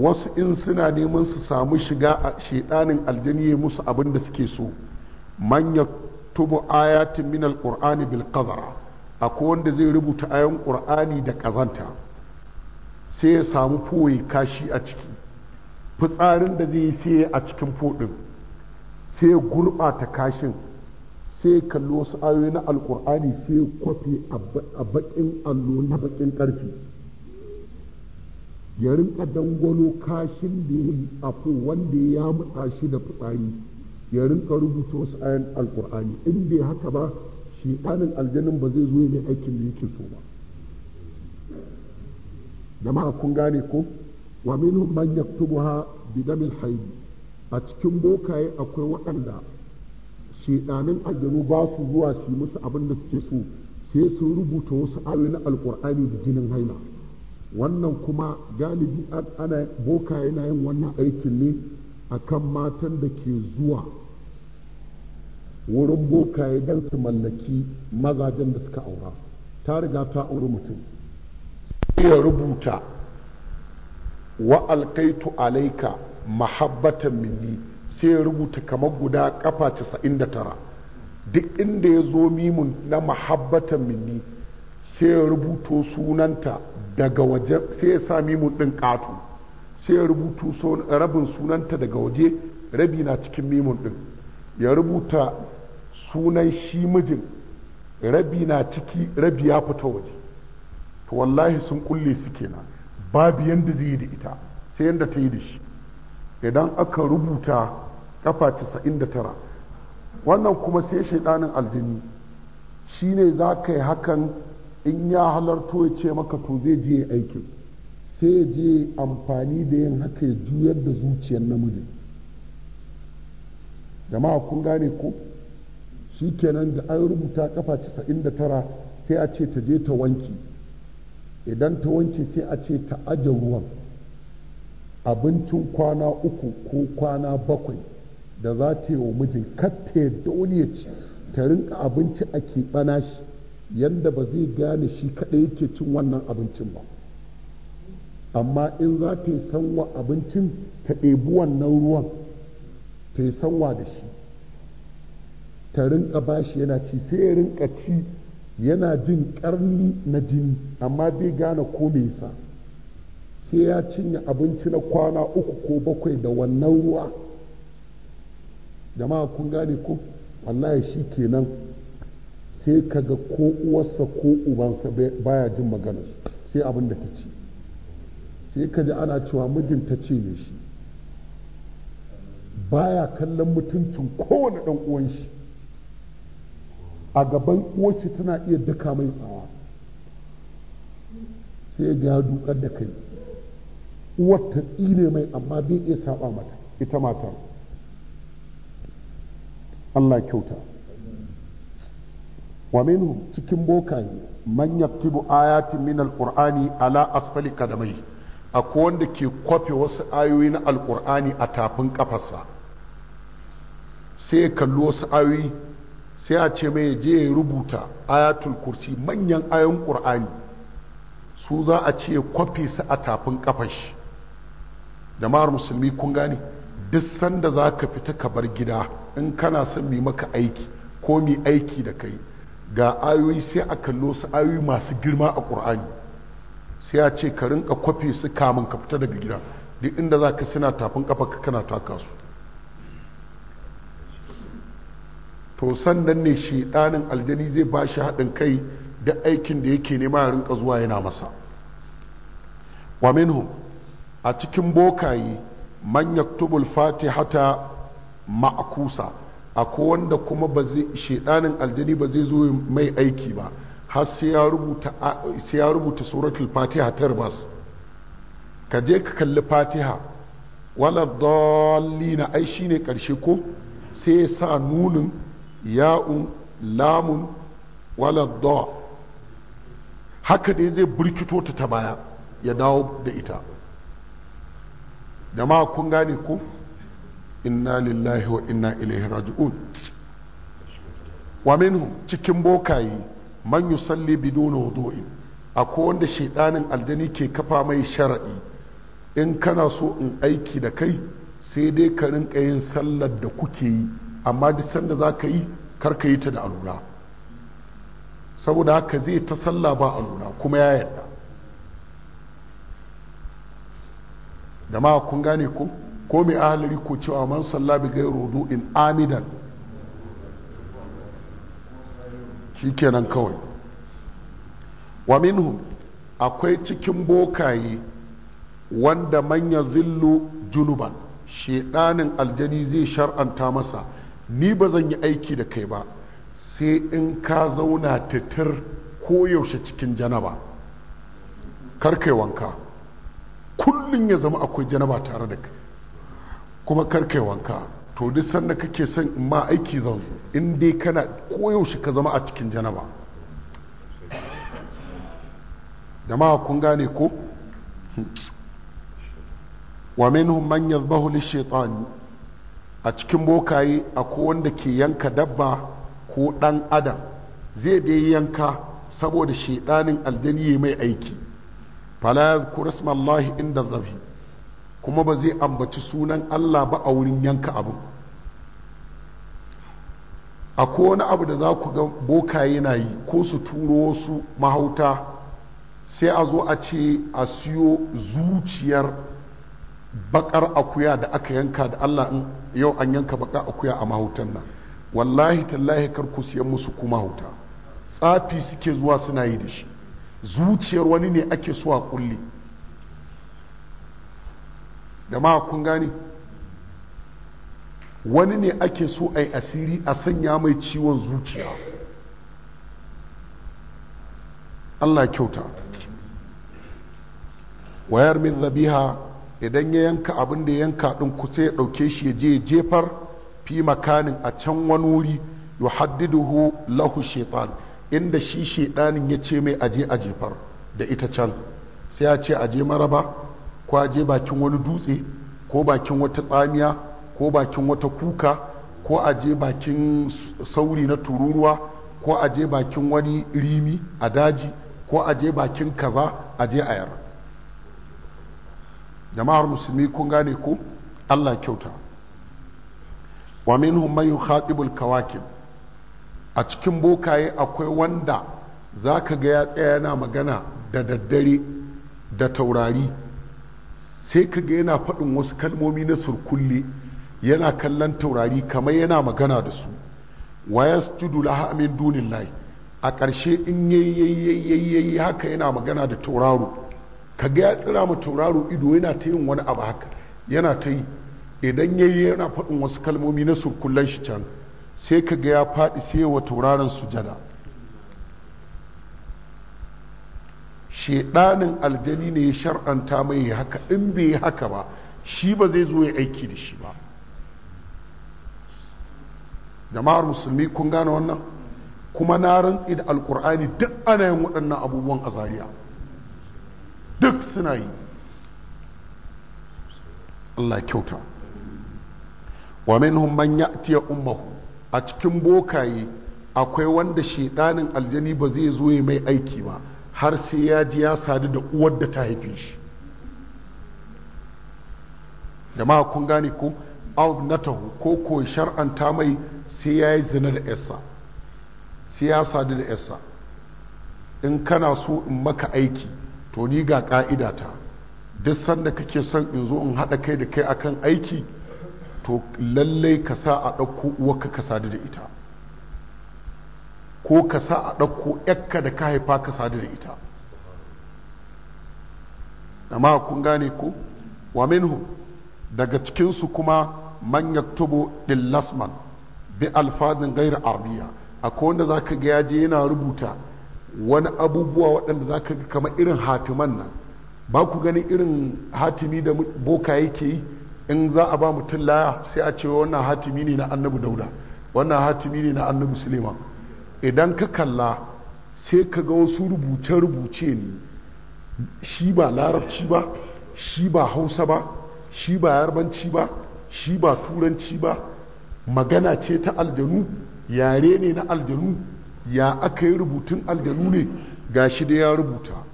wasu in suna neman su samu shiga a shaidanin aljani ya musu abin da suke so manya tubu ayatin min alqur'ani bil qadara akwai wanda zai rubuta ayan qur'ani da ƙazanta, sai ya samu foyi kashi a ciki fitsarin da zai yi sai a cikin fodin sai ya gurɓata kashin sai ya kalli wasu ayoyi na alkur'ani sai ya kwafi a baƙin allo na baƙin ƙarfi ya rinka dangwalo kashin da ya afo wanda ya mutsa shi da fitsari ya rinka rubuta wasu ayan alkur'ani in bai haka ba shi ɗanin aljanin ba zai zo ne aikin da yake so ba jama'a kun gane ko wa minhum man ha bi damil hayd a cikin bokaye akwai waɗanda shedanin aljanu ba su zuwa su musu abin da suke so sai su rubuta wasu ayoyi na alkur'ani da jinin haila wannan kuma galibi ana boka yana yin wannan aikin ne a kan matan da ke zuwa wurin bokaye don su mallaki mazajen da suka aura ta riga ta auri mutum iya rubuta wa alkaitu alaika mahabbatan minni sai ya rubuta kamar guda kafa 99 duk inda ya zo mimun na mahabbatan minni sai ya rubuto sunanta daga waje sai ya sami mu ɗin ƙato sai ya rubutu rabin sunanta daga waje rabi na cikin mimun ɗin ya rubuta sunan shi mijin rabi na ciki rabi ya fita waje to wallahi sun kulle su kenan babu yadda zai yi da ita sai yadda ta yi da shi idan aka rubuta kafa tara wannan kuma sai shaidanin aljini shi ne za ka yi hakan in ya halarto ya ce maka to zai je aiki sai je amfani da yin haka ya juyar da zuciyar namijin jama'a kun gane ko shi kenan da an rubuta kafa 99 sai a ce ta je ta wanki idan ta wanke sai a ce ta aje ruwan abincin kwana uku ko kwana bakwai da za ta yi wa mijin katta ya ci ta rinka abinci a keɓana shi Yadda ba zai gane shi kaɗai yake cin wannan abincin ba amma in za ta yi sanwa abincin ta ɗebi wannan ruwan ta yi sanwa da shi ta rinka bashi yana ci sai ya rinka ci yana jin ƙarni na jini amma bai gane ko me yasa sai ya cinye abinci na kwana uku ko bakwai da wannan ruwa jama'a kun gane ko wallahi shi kenan sai kaga ko uwarsa ko ubansa baya jin maganar sai abin da ta ce sai ji ana cewa mijin ta ce ne shi baya kallon mutuncin kowane ɗan uwan shi a gaban uwarsa tana iya duka mai tsawa sai ga ya dukar da kai uwar tsine mai amma bai iya saba mata ita mata Allah kyauta wa minhu cikin bokaye man yaktubu ayatin min alqur'ani ala asfali kadamai akwai wanda ke kwafe wasu ayoyi na alqur'ani a tafin kafarsa sai ya kalli wasu ayoyi sai a ce mai je ya rubuta ayatul kursi manyan ayon qur'ani su za a ce kwafe su a tafin kafar jama'ar musulmi kun gane duk sanda za ka fita ka bar gida in kana son mi maka aiki ko mi aiki da kai ga ayoyi sai a kallo su ayoyi masu girma a ƙur'ani sai ya ce ka rinka kwafe su kamun ka fita daga gida duk inda za ka suna tafin kafa ka kana taka su to sannan ne shi ɗanin aljani zai ba shi haɗin kai da aikin da yake nema ya rinka zuwa yana masa wa minhu a cikin bokaye man yaktubul fatihata ma'kusa akwai wanda kuma ba zai shedanin aljani ba zai zo mai aiki ba har sai ya rubuta Fatiha ta suratul fatiha tarbas ka je ka kalli fatiha wala na ai shine karshe ko sai ya sa nunin ya'un lamun wala da haka dai zai burkito ta ta baya ya dawo da ita da ma kun gane ko inna lillahi wa inna ilaihi raji'un wa minhum cikin bokayi man yusalli bidun wudu'i akwai wanda shaytanin aljani ke kafa mai shara'i in kana so in aiki da kai sai dai ka rinka yin sallar da kuke yi amma duk sanda za ka yi kar ka yi ta da alura saboda haka zai ta sallah ba alura kuma ya yarda jama'a kun gane ku. ko mai ahalari ko cewa man salla bi rudu in amidan kenan kawai wa minhum akwai cikin bokaye wanda manya zillu junuban shedanin aljani zai shar'anta masa ni ba zan yi aiki da kai ba sai in ka zauna titir koyaushe cikin janaba Kar karkai wanka kullum ya zama akwai janaba tare da kai kuma karkai wanka to duk sanda kake son in ma aiki zan zo in dai kana koyaushe ka zama a cikin janaba jama'a kun gane ko wa minhum man yadhbahu lish-shaytan a cikin bokaye akwai wanda ke yanka dabba ko dan adam zai da yanka saboda shaiɗanin aljani mai aiki fala yadhkur inda zabi kuma ba zai ambaci sunan Allah ba a wurin yanka abu akwai wani abu da za ku ga bokaye na yi ko su turo wasu mahauta sai a zo a ce a siyo zuciyar bakar akuya da aka yanka da Allah in yau an yanka bakar akuya a mahautan nan wallahi tallahi kar ku siyan musu ku mahauta. tsafi suke zuwa suna yi da shi zuciyar wani ne ake so a kulle da ma kun gane wani ne ake so a yi asiri a sanya mai ciwon zuciya Allah kyauta wayar min zabiha idan ya yanka abin da yanka ɗin kusa ya ɗauke shi ya je jefar fi makanin a can wani wuri haddiduhu lahu shaitan inda shi shaitanin ya ce mai aje a jefar da ita can sai ya ce aje maraba kwaje je bakin wani dutse ko bakin wata tsamiya ko bakin wata kuka ko a bakin sauri na tururuwa ko a bakin wani rimi a daji ko a bakin kaza a je ayar jama'ar musulmi kun gane ko allah kyauta wa minhum man yukhatibul kawakib a cikin bokaye akwai wanda zaka ga ya tsaya yana magana da daddare da taurari sai kaga yana faɗin wasu kalmomi na surkulle yana kallon taurari kamar yana magana da su waya studu laha min dunin lai a ƙarshe in yayi haka yana magana da tauraro kaga ya tsira ma tauraro ido yana ta yin wani abu haka yana ta yi idan yayi yana faɗin wasu kalmomi na surkullen shi can sai kaga ya faɗi sai wa tauraron sujada shedanin aljani ne ya shar'anta mai haka in bai haka ba shi ba zai zo ya aiki da shi ba jama'ar musulmi kun gane wannan kuma na rantsi da alkur'ani duk ana yin waɗannan abubuwan a zariya duk suna yi Allah kyauta wa minhum man ya'tiya ummahu a cikin bokaye akwai wanda shedanin aljani ba zai zo ya mai aiki ba har sai ya ji ya sadu da uwar da ta haife shi jama'a kun gane ko taho ko ko shar'anta mai sai ya yi zina da yasa sai ya sadu da yasa in kana so in maka aiki to ni ga ka'ida ta duk sanda kake son in zo in haɗa kai da kai akan aiki to lallai ka sa a ɗauko uwarka ka sadu da ita ko ka sa a ɗauko ƴakka da ka haifa ka sadu da ita amma kun gane ko wa minhu daga cikinsu kuma man yaktubu lasman bi alfazin gaira arabiya akwai wanda zaka ka ga yaje yana rubuta wani abubuwa waɗanda zaka ka ga kamar irin hatiman nan ba ku ganin irin hatimi da boka yake yi in za a ba mutum laya sai a ce wannan hatimi ne na annabi dauda wannan hatimi ne na annabi suleiman idan ka kalla sai ka ga wasu rubuce-rubuce ne shi ba larabci ba shi ba hausa ba shi ba yarbanci ba shi ba turanci ba magana ce ta aljanu yare ne na aljanu ya aka yi rubutun aljanu ne ga shi da ya rubuta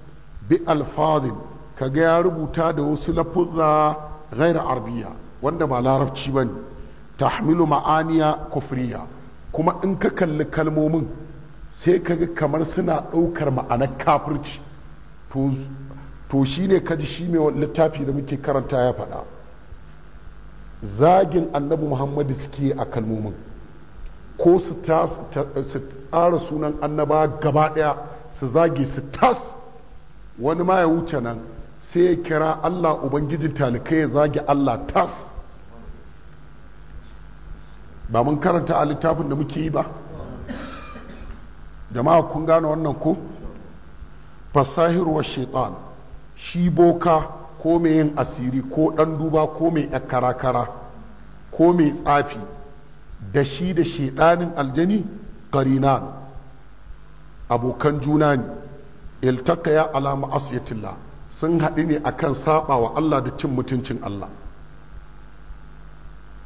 bi alfazin ka ga ya rubuta da wasu lafuzza gaira arabiya wanda ba larabci ba ne tahmilu ma'aniya kufriya kuma in ka kalli kalmomin sai ka ga kamar suna ɗaukar ma'anar kafirci to shi ne kaji shi mai littafi da muke karanta ya faɗa zagin annabi muhammadu suke a kalmomin ko su tsara sunan annaba gaba ɗaya su zage su tas wani ma ya wuce nan sai ya kira allah ubangijin talikai ya zage allah tas ba mun karanta a littafin da muke yi ba jama'a kun gane wannan ko fasahirwar shaitan shi boka ko mai yin asiri ko ɗan duba ko mai karakara ko mai tsafi da shi da shaitanin aljani karinan abokan juna ne ya alama asiyatilla sun haɗu ne akan saba wa Allah da cin mutuncin Allah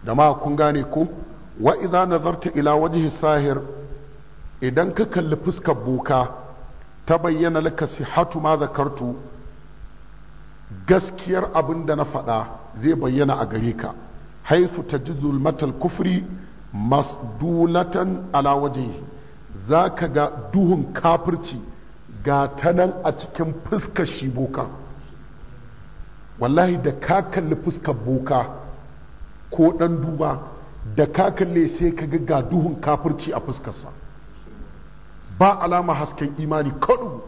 da ma kun gane ko wa idza nazarta ila wajhi sahir idan ka kalli fuskar boka ta bayyana laka sihatu ma zakartu gaskiyar abin da na faɗa zai bayyana a gare ka haisu ta ji zulmatal kufri masdulatan ala waje za ka ga duhun kafirci ga ta nan a cikin fuskar shi boka wallahi da ka kalli fuskar boka ko ɗan duba da ka kalle sai ka ga duhun kafirci a fuskarsa ba alama hasken imani kaɗu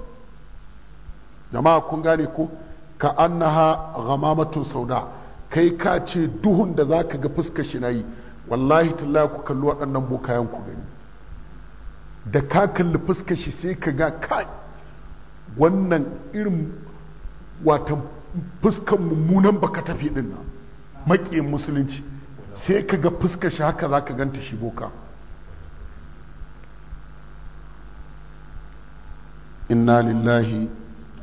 jama'a kun gane ko ka annaha ghamamatun sauda kai ka ce duhun da za ka ga fuskar shi na yi wallahi tallahi ku kalli waɗannan bokayen ku gani da ka kalli fuskar shi sai ka ga kai wannan irin wata fuskar mummunan baka tafi dinna musulunci sai ka ga fuskar shi haka za ka ganta shi boka inna lillahi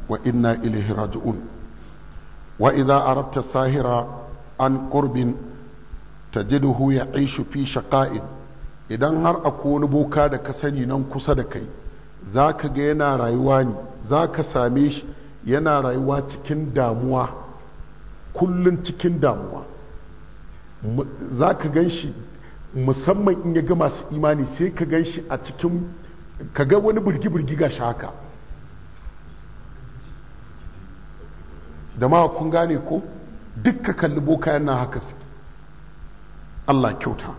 wa inna ilaihi raji'un wa idza arabta sahira an qurbin tajiduhu ya'ishu fi shaqa'in idan har akwai wani boka da ka sani nan kusa da kai za ka ga yana rayuwa ne za ka same shi yana rayuwa cikin damuwa kullum cikin damuwa za ka gan shi musamman in ya ga masu imani sai ka gan shi a cikin ka ga wani birgi-birgi ga haka da ma kun gane ko duk ka kalli boka yana haka su Allah kyauta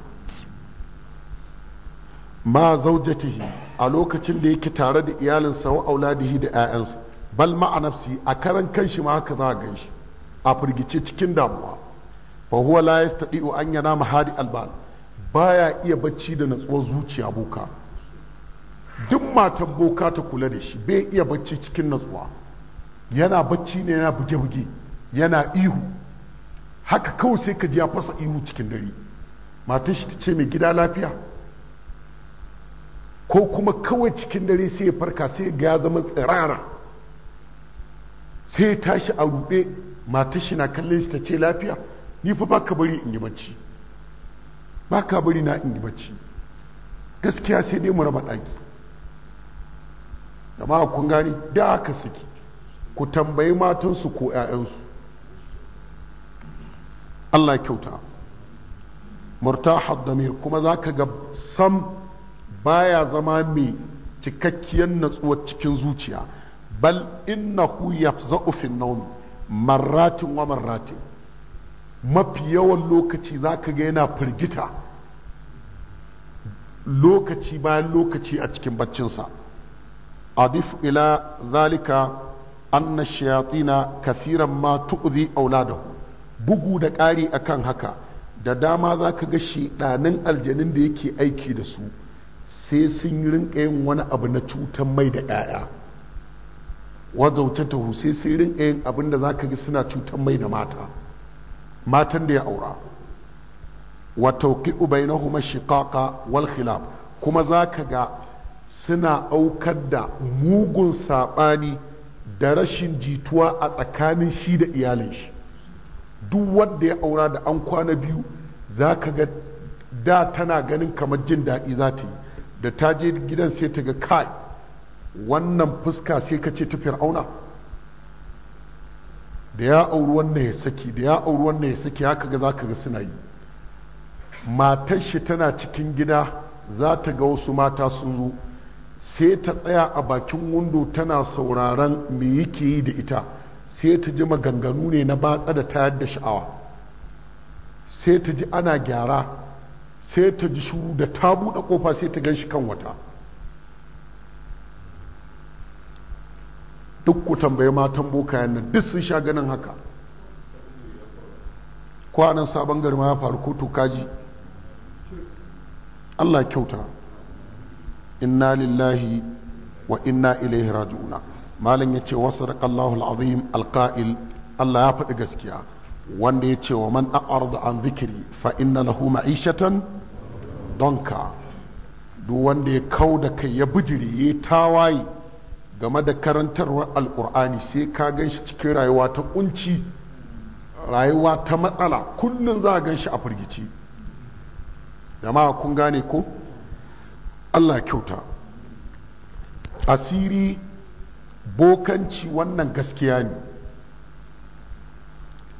ma zaujatihi a lokacin da yake tare da iyalinsa wa auladihi da 'ya'yansa bal ma'a nafsi a karan kanshi ma haka za a ganshi a firgice cikin damuwa fa huwa la yastati'u an yanama hadi albal baya iya bacci da natsuwar zuciya boka duk matan boka ta kula da shi bai iya bacci cikin natsuwa yana bacci ne yana buge-buge yana ihu haka kawai sai ka ji ya fasa ihu cikin dare matan shi ta ce mai gida lafiya ko kuma kawai cikin dare sai ya farka sai ga ya zama tsirara sai ya tashi a rube matan shi na kallon shi ta ce lafiya ni fa baka bari in yi bacci baka bari na in yi bacci gaskiya sai dai mu raba ɗaki ma kun gani da aka saki ku tambayi matansu ko 'ya'yansu Allah kyauta murtahad damir kuma zaka ga sam baya zama mai cikakkiyar natsuwa cikin zuciya bal innahu yafza'u fi an-nawm marratin wa marratin mafi yawan lokaci za ka ga yana firgita lokaci bayan lokaci a cikin baccinsa adif ila zalika anna shayatina kasiran ma tu'zi auladahu bugu da ƙari akan haka da dama za ka ga shiɗanin aljanin da yake aiki da su sai sun yi yin wani abu na cutar mai da 'ya'ya wazautatahu sai sun rinka yin abin da za ka ga suna cutar mai da mata matan da ya aura wa tawqi'u bainahuma shiqaqa wal khilaf kuma zaka ga suna aukar da mugun sabani da rashin jituwa a tsakanin shi da iyalin shi duk wanda ya aura da an kwana biyu zaka ga da tana ganin kamar jin daɗi za ta yi da ta je gidan sai ta ga kai wannan fuska sai ka ce ta fir'auna da ya auri wannan ya saki da ya auri wannan ya saki haka ga zaka ga suna yi matar shi tana cikin gida za ta ga wasu mata sun zo sai ta tsaya a bakin wundo tana sauraron me yake yi da ita sai ta ji maganganu ne na batsa da tayar da sha'awa sai ta ji ana gyara sai ta ji shuru da ta buɗe kofa sai ta gan shi kan wata duk ku tambaye matan bokayen nan duk sun sha ganin haka anan sabon garma ya faru kotu kaji allah kyauta inna lillahi wa inna ilaihi raju'una. malam ya ce wasu raƙallahu al'azim alƙa'il allah ya faɗi gaskiya wanda ya ce wa man a'arda an zikiri fa inna lahu ma'ishatan donka duk wanda ya kau da kai ya bijiri ya tawaye game da karantarwar alkur'ani sai ka gan shi cikin rayuwa ta kunci rayuwa ta matsala kullum za a gan shi a firgici jama'a kun gane ko allah kyauta asiri bokanci wannan gaskiya ne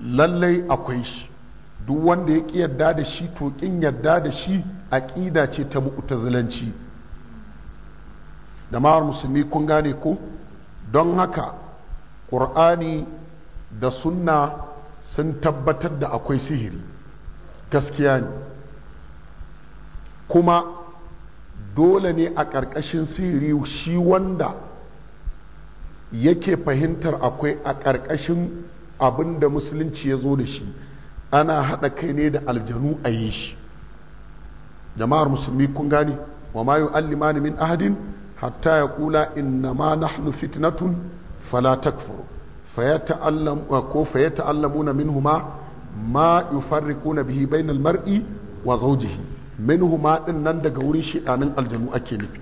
lallai akwai shi duk wanda ya ƙi yarda da shi to ƙin yarda da shi aƙida ce ta mu'tazilanci da mawar musulmi kun gane ko don haka ƙur'ani da sunna sun tabbatar da akwai sihiri gaskiya ne kuma dole ne a ƙarƙashin sihiri shi wanda yake fahimtar akwai a ƙarƙashin abin da musulunci ya zo da shi ana haɗa kai ne da aljanu a yi shi jama'ar musulmi kun gane wa ma allima min ahadin hatta ya kula inna ma nahnu fitnatun fala takfuru fayata'allam ko minhuma ma yufarriquna bihi bainal mar'i wa zawjihi minhuma din nan daga wurin shedanin aljanu ake nufi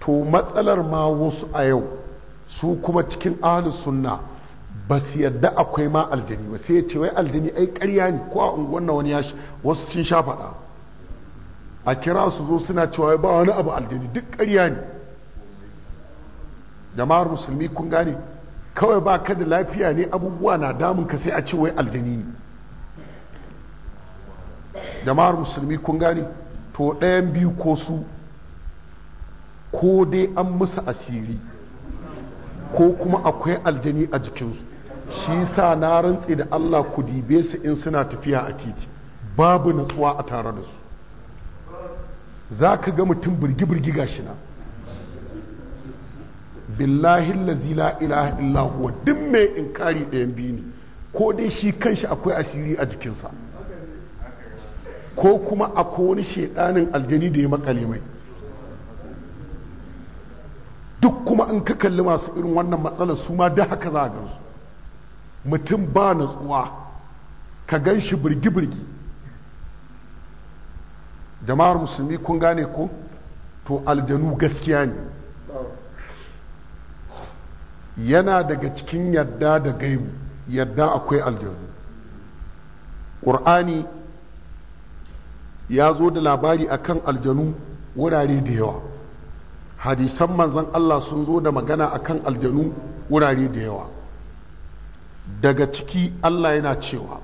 to matsalar ma wasu a yau su kuma cikin ahlus sunna ba su yadda akwai ma aljani ba sai ya ce wai aljani ai ƙarya ne ko a unguwan wani ya wasu sun sha faɗa a kira su zo suna cewa ba wani abu aljani duk ƙarya ne jama'ar musulmi kun gane kawai ba ka da lafiya ne abubuwa na damun ka sai a ce wai aljani ne jama'ar musulmi kun gane to ɗayan biyu ko su ko dai an musu asiri ko kuma akwai aljani a jikinsu shi sa na rantse da Allah ku dibe su in suna tafiya a titi babu natsuwa a tare da su za ka ga mutum birgi-birgi gashi na billahi lazi la ilaha illa huwa duk mai inkari ɗayan biyu ne ko dai shi kanshi akwai asiri a jikinsa ko kuma akwai wani shaidanin aljani da ya makale mai duk kuma in ka kalli masu irin wannan matsalar su ma da haka za a gansu mutum ba natsuwa ka gan shi birgi-birgi jama'ar musulmi kun gane ko to aljanu gaskiya ne yana daga cikin yadda da gaibu yadda akwai aljanu ƙur'ani ya zo da labari akan aljanu wurare da yawa hadisan manzan Allah sun zo da magana akan aljanu wurare da yawa daga ciki Allah yana cewa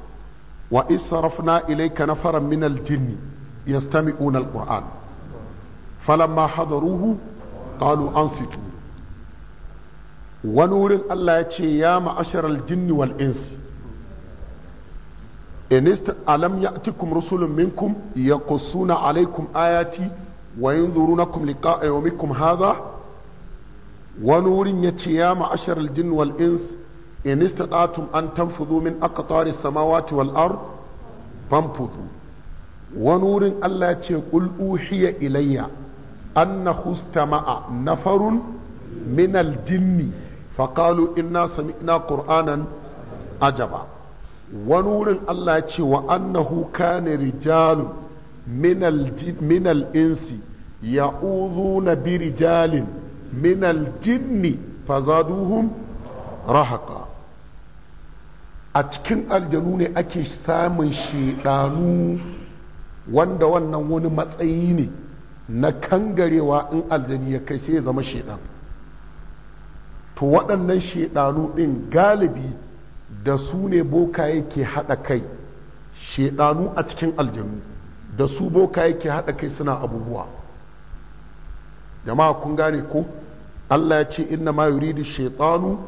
wa isarafna ilaika nafaran min aljinni yastami'una alquran falamma hadaruhu qalu ansitu wani wurin Allah ya ce ya ma'ashar aljinni wal ins inist alam ya'tikum rusulun minkum kusuna alaikum ayati wa yanzurunakum liqa'a yawmikum hadha wani wurin ya ce ya ma'ashar aljinni wal ins inist atum an tanfudhu min aqtari samawati wal ar fanfudhu wani wurin Allah ya ce qul uhiya ilayya hustama a nafarun min aljinni faƙalu inna sami'na ƙur'anan ajaba wani wurin Allah ya ce wa annahu kana rijalun minal insi ya'udhuna bi rijalin minal jinni fazaduhum rahaka a cikin aljanu ne ake samun shedanu wanda wannan wani matsayi ne na kangarewa in aljani ya kai sai ya zama shedan to waɗannan shaidanu ɗin galibi da su ne bokaye ke haɗa kai shaidanu a cikin aljanu da su bokaye ke haɗa kai suna abubuwa jama'a kun gane ko Allah ya ce inna ma yuridu shaitanu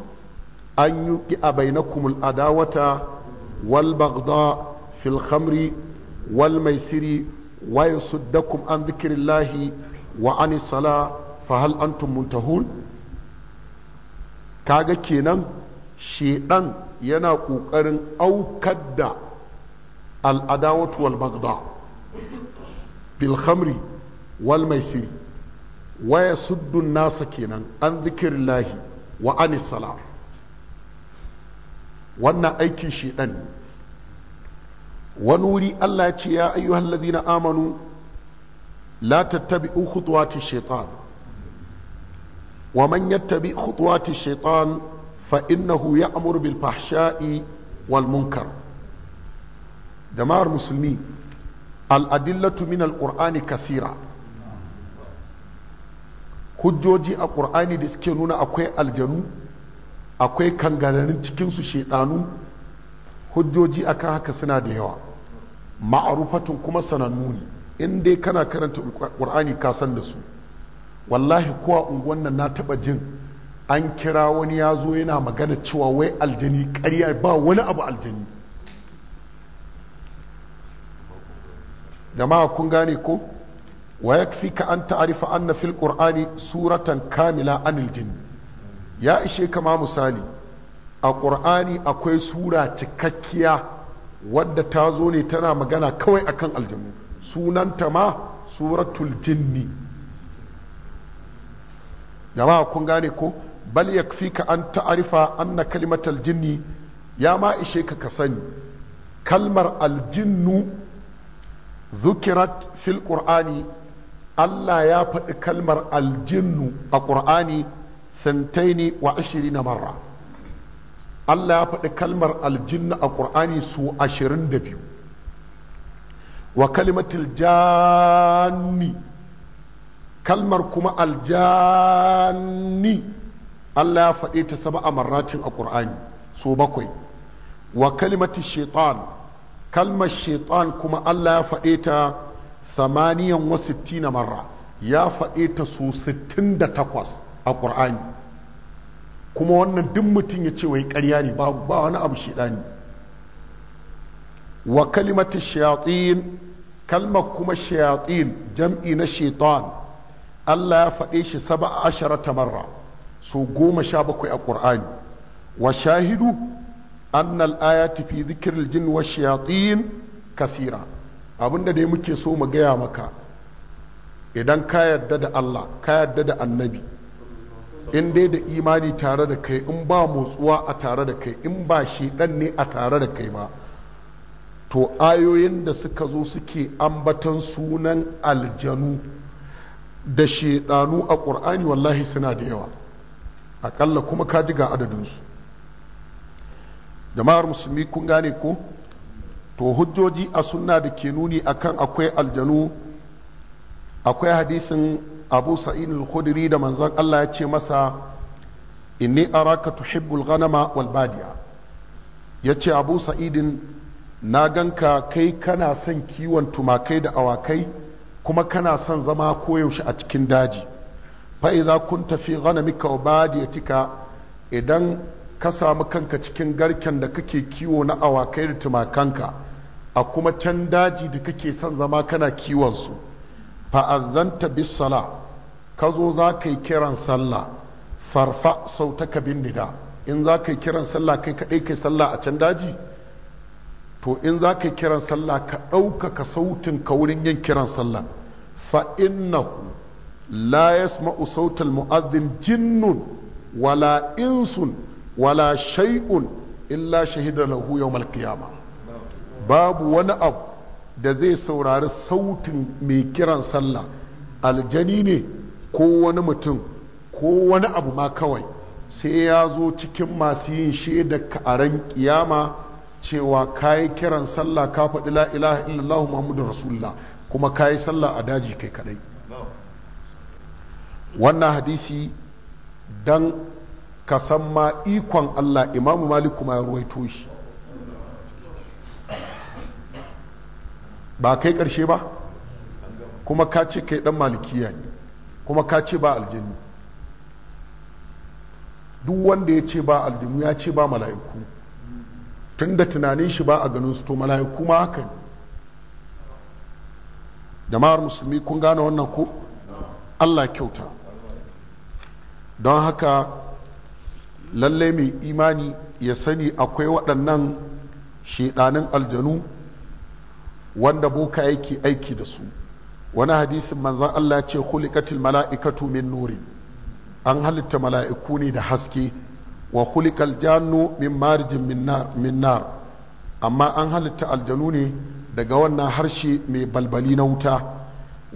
an yuqi bainakumul adawata wal baghdha fil khamri wal maisiri wa yasuddakum an zikirillahi wa anis sala fa hal antum muntahun kaga kenan shedan yana ƙoƙarin aukar da al'adawatu wal bagda bil khamri wal maisiri waya suddun nasa kenan an zikirillahi wa anisala wannan aikin shedan wani wuri Allah ce ya ayyuhan ladina amanu la tattabi'u khutuwati shaitan ومن يتبع خطوات الشيطان فإنه يأمر بالفحشاء والمنكر جماعة المسلمين الأدلة من القرآن كثيرة hujjoji a ƙur'ani da suke nuna akwai aljanu akwai kanganarin cikinsu shaidanu hujjoji akan haka suna da yawa ma'arufatun kuma sanannu ne in dai kana karanta ƙur'ani ka san da su wallahi kowa unguwan nan na taba jin an kira wani ya zo yana magana cewa wai aljani ƙarya ba wani abu aljani jama'a kun gane ko wa ya fi ka an ta'arifa na fil ƙur'ani suratan kamila an jin ya ishe kama misali a ƙur'ani akwai sura cikakkiya wadda ta zo ne tana magana kawai akan aljanu sunanta ma suratul jinni jama'a kun gane ko bal yakfika an ta'rifa anna kalimatal jinni ya ma ishe ka ka sani kalmar aljinnu zukirat fil qur'ani Allah ya faɗi kalmar aljinnu a ƙur'ani santaini wa na marra Allah ya faɗi kalmar aljinnu a ƙur'ani su ashirin da biyu wa kalimatul janni kalmar kuma aljanni Allah ya faɗe ta saba a marratin a ƙur'ani so bakwai wa kalimati shaitan kalmar shaitan kuma Allah ya faɗe ta samaniyan wa sittina marra ya faɗe ta su sittin da takwas a ƙur'ani kuma wannan duk mutum ya ce wai ƙarya ne ba wani abu shaidani wa shayatin kalmar kuma shayatin jam'i na shaitan Allah ya faɗe shi saba ashara tamarra so goma sha bakwai a ƙur'ani wa shahidu annal ayati fi zikril jin wa shayatin kasira abinda dai muke so mu gaya maka idan ka yarda da Allah ka yarda da annabi in dai da imani tare da kai in ba motsuwa a tare da kai in ba shi dan ne a tare da kai ba to ayoyin da suka zo suke ambatan sunan aljanu da shedanu a ƙur'ani wallahi suna da yawa aƙalla kuma ka ji ga adadinsu jama'ar musulmi kun gane ko to hujjoji a sunna da ke nuni akan akwai aljanu akwai hadisin abu sa'in al-khudri da manzan Allah ya ce masa inni araka tuhibbul ghanama wal badiya yace abu sa'idin na ganka kai kana son kiwon tumakai da awakai kuma kana son zama koyaushe a cikin daji fa'iza kun tafi ghanamika wa badiyatika idan ka samu kanka cikin garken da kake kiwo na awakai da tumakanka a kuma can daji da kake son zama kana kiwonsu fa'azanta sala, ka zo za ka yi kiran sallah farfa sautaka bin nida in za ka yi kiran sallah kai kaɗai kai sallah a can daji to in za ka kiran sallah ka ɗaukaka sautin ka wurin yin kiran sallah fa innahu la yasma'u sautal mu'adhdhin jinnun wala insun wala shay'un illa shahida lahu yawmal qiyama babu wani abu da zai saurari sautin mai kiran sallah aljani ne ko wani mutum ko wani abu ma kawai sai ya zo cikin masu yin shaidar ka a ran kiyama cewa kayi kiran sallah ka faɗi la ilaha illallah Muhammadu rasulullah kuma kayi sallah a daji kai kadai wannan hadisi dan ka san ma ikon Allah imamu malik kuma ya ruwaito shi ba kai karshe ba kuma ka ce kai dan malikiya ne kuma ka ce ba aljanni duk wanda ya ce ba aljanni ya ce ba mala'iku tunda tunanin shi ba a ganin su to mala'iku ma haka jama'ar musulmi kun gane wannan ku. Allah kyauta don haka lalle mai imani ya sani akwai waɗannan shiɗanin aljanu wanda boka yake aiki da su wani hadisin manzan Allah ce hulikatil mala'ikatu min nuri an halitta mala'iku ne da haske wa khuliqal jannu min marijin min nar amma an halitta aljanu ne daga wannan harshe mai balbali na wuta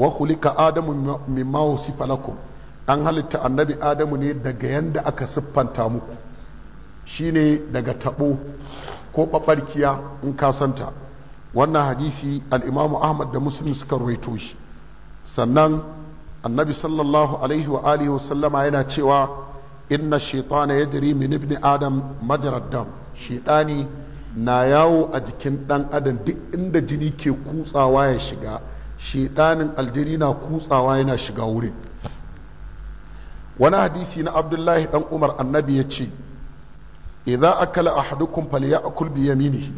wa khuliqa adamu mimma wasifa lakum an halitta annabi adamu ne daga yanda aka siffanta muku shine daga tabo ko babarkiya in ka santa wannan hadisi al-Imam Ahmad da Muslim suka ruwaito shi sannan annabi sallallahu alaihi wa alihi wa sallama yana cewa inna shaitana ya min ibn adam majarar dam shaitani na yawo a jikin dan adam duk inda jini ke kutsawa ya shiga shaitanin aljini na kutsawa yana shiga wurin wani hadisi na abdullahi dan umar annabi ya ce idan akala ahadukum falyakul bi yaminihi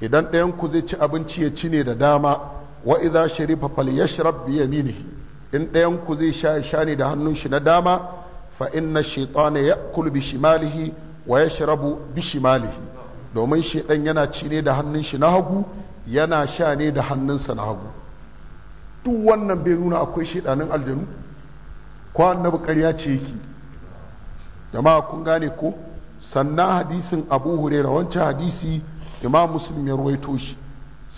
idan ɗayan ku zai ci abinci ya ci ne da dama wa idza ya shirar biya mini in ɗayan ku zai sha sha ne da hannun shi na dama fa الشيطان يأكل بشماله bi shimalihi wa bishimalihi domin shedan yana ci ne da hannun shi na hagu yana sha ne da hannun sa na hagu duk wannan bai nuna akwai shedanin aljanu ko annabi ƙarya ce yake jama'a kun gane ko sannan hadisin abu huraira wancan hadisi imam muslim ya ruwaito shi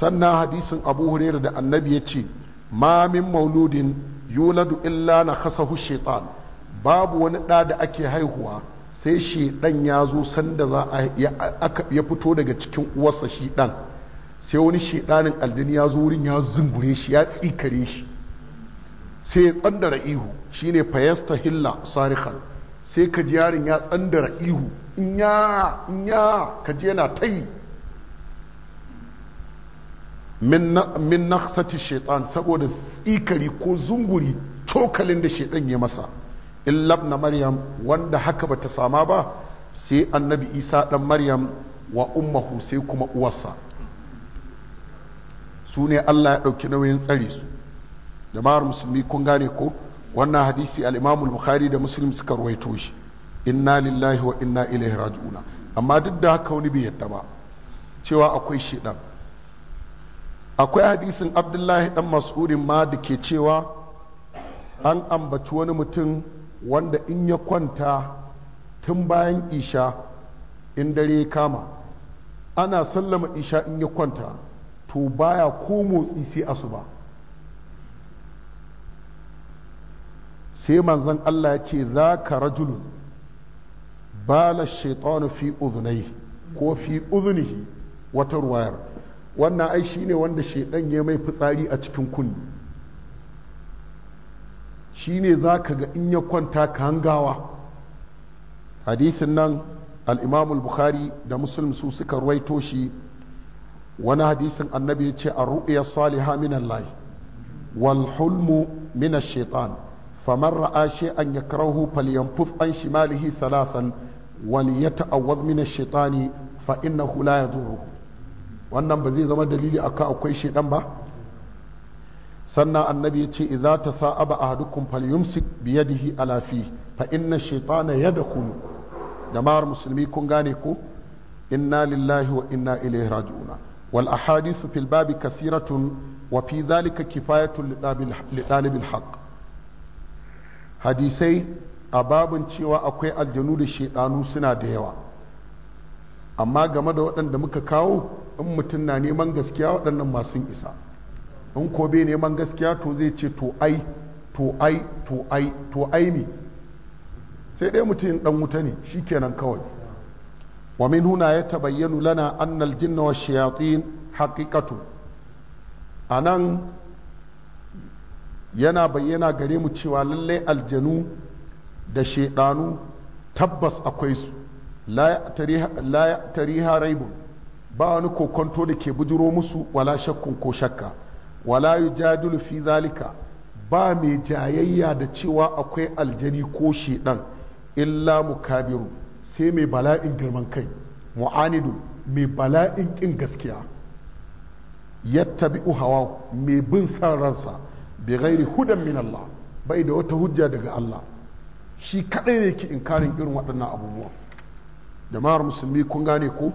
sannan hadisin abu huraira da annabi ya ce ma min mauludin yuladu illa na kasahu shaitan babu wani ɗa da ake haihuwa sai shi ɗan ya zo sanda za a ya fito daga cikin uwarsa shi ɗan sai wani shi ɗanin aljini ya zo wurin ya zungure shi ya tsikare shi sai ya tsandara ihu shine fayasta hilla sarikan sai ka ji yarin ya tsandara ihu inya inya ka ji yana ta yi min naksati shaitan saboda tsikari ko zunguri cokalin da shaitan ya masa illa na maryam wanda haka bata sama ba sai annabi isa dan maryam wa ummuhu sai kuma uwarsa su ne Allah ya ɗauki nauyin tsare su jama'ar musulmi kun gane ko wannan hadisi al-imamu bukhari da muslim suka ruwaito shi inna lillahi wa inna ilaihi raji'una amma duk da haka wani bai yadda ba cewa akwai shedan akwai hadisin abdullahi dan mas'udin ma da ke cewa an ambaci wani mutum wanda in ya kwanta tun bayan isha in dare ya kama ana sallama isha in ya kwanta to baya ko motsi sai asuba sai manzon Allah ya ce za ka rajulu bala shaitanu fi uzunai ko fi uzunihi wata ruwayar wannan aishi ne wanda shaidan ya mai fitsari a cikin kunni shine za ka ga in ya kwanta ka hangawa hadisin nan al'imamul bukhari da muslim su suka ruwaito shi wani hadisin annabi ya ce a ru'ya saliha minan lai wal hulmu minan shaitan famar ra'a shay'an yakrahu falyanfuf an malihi salasan wal yata'awwaz min ash-shaytani fa hula ya yadhurru wannan ba zai zama dalili akan akwai shaitan ba sannan annabi ya ce idza tasa'aba ahadukum falyumsik biyadihi ala fi fa inna shaytana yadkhulu jama'ar musulmi kun gane ko inna lillahi wa inna ilaihi raji'una wal ahadithu fil babi kasiratun wa fi dhalika kifayatun li talibil haqq hadisai a babin cewa akwai aljanu da shaidanu suna da yawa amma game da waɗanda muka kawo in mutum na neman gaskiya waɗannan masu isa in ko bai neman gaskiya to zai ce to ai to ai to ai to ai ne sai dai mutum dan wuta ne shi kenan kawai wa min huna ya tabayyanu lana annal jinna wa shayatin haqiqatu anan yana bayyana gare mu cewa lallai aljanu da shaidanu tabbas akwai su la ya tariha ba wani kokonto da ke bujiro musu wala shakkun ko shakka wala yujadilu fi zalika ba mai jayayya da cewa akwai aljani ko shedan illa mukabiru sai mai bala'in girman kai mu'anidu mai bala'in kin gaskiya yattabi'u hawa mai bin san ransa bi gairi hudan min Allah bai da wata hujja daga Allah shi kadai ne ke inkarin irin waɗannan abubuwa jama'ar musulmi kun gane ko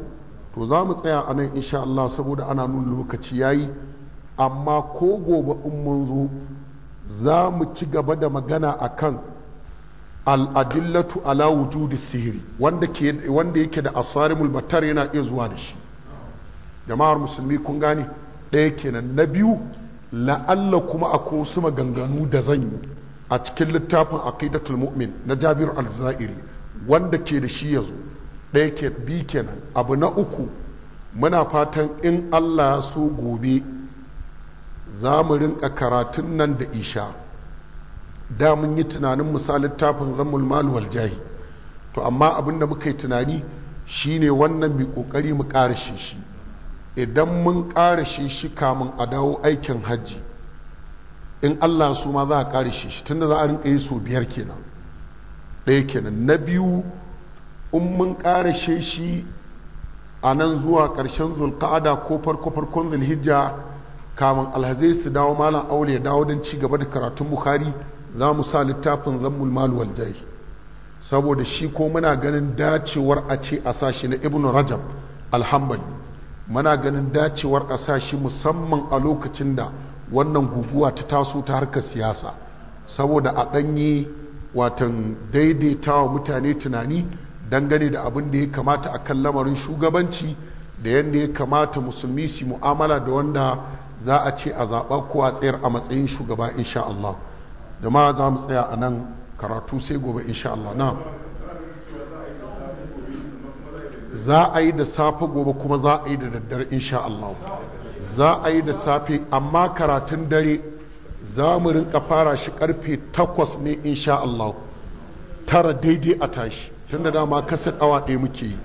to za mu tsaya a nan insha Allah saboda ana nuna lokaci yayi amma ko gobe in mun zo za mu ci gaba da magana a kan al'adillatu ala wujudu sihiri wanda yake da asarimul batar yana iya zuwa da shi jama'ar musulmi kun gane ɗaya kenan na biyu la'alla kuma a su maganganu da zan yi a cikin littafin aqidatul mu'min na jabir al-za'iri wanda ke da shi yazo ɗaya ke bi kenan abu na uku muna fatan in allah ya so gobe za mu rinka karatun nan da isha da mun yi tunanin misalin tafin zammul malu jahi to amma abin da muka yi tunani shi ne wannan mai ƙoƙari mu karashe shi idan mun karashe shi kamun a dawo aikin hajji in Allah su ma za a karashe shi tunda za a rinka yi so biyar kenan ɗaya kenan na biyu in mun karashe shi a nan zuwa ƙarshen zulƙa'ada ko farko farkon zulhijja kamun alhazai su dawo malam aure dawo don ci gaba da karatun bukari za mu sa littafin zammul malu wal saboda shi ko muna ganin dacewar a ce a sashi na ibnu rajab alhambali muna ganin dacewar a sashi musamman a lokacin da wannan guguwa ta taso ta harka siyasa saboda a ɗanyi watan daidaita wa mutane tunani dangane da abin da ya kamata a kan lamarin shugabanci da yadda ya kamata musulmi su mu'amala da wanda za a ce a zaɓa ko tsayar a matsayin shugaba insha Allah ma za mu tsaya a nan karatu sai gobe insha Allah na za a yi da safe gobe kuma za a yi da daddare insha Allah za a yi da safe amma karatun dare za mu rinka fara shi karfe takwas ne insha Allah tara daidai a tashi tun da dama kasar awa ɗaya muke yi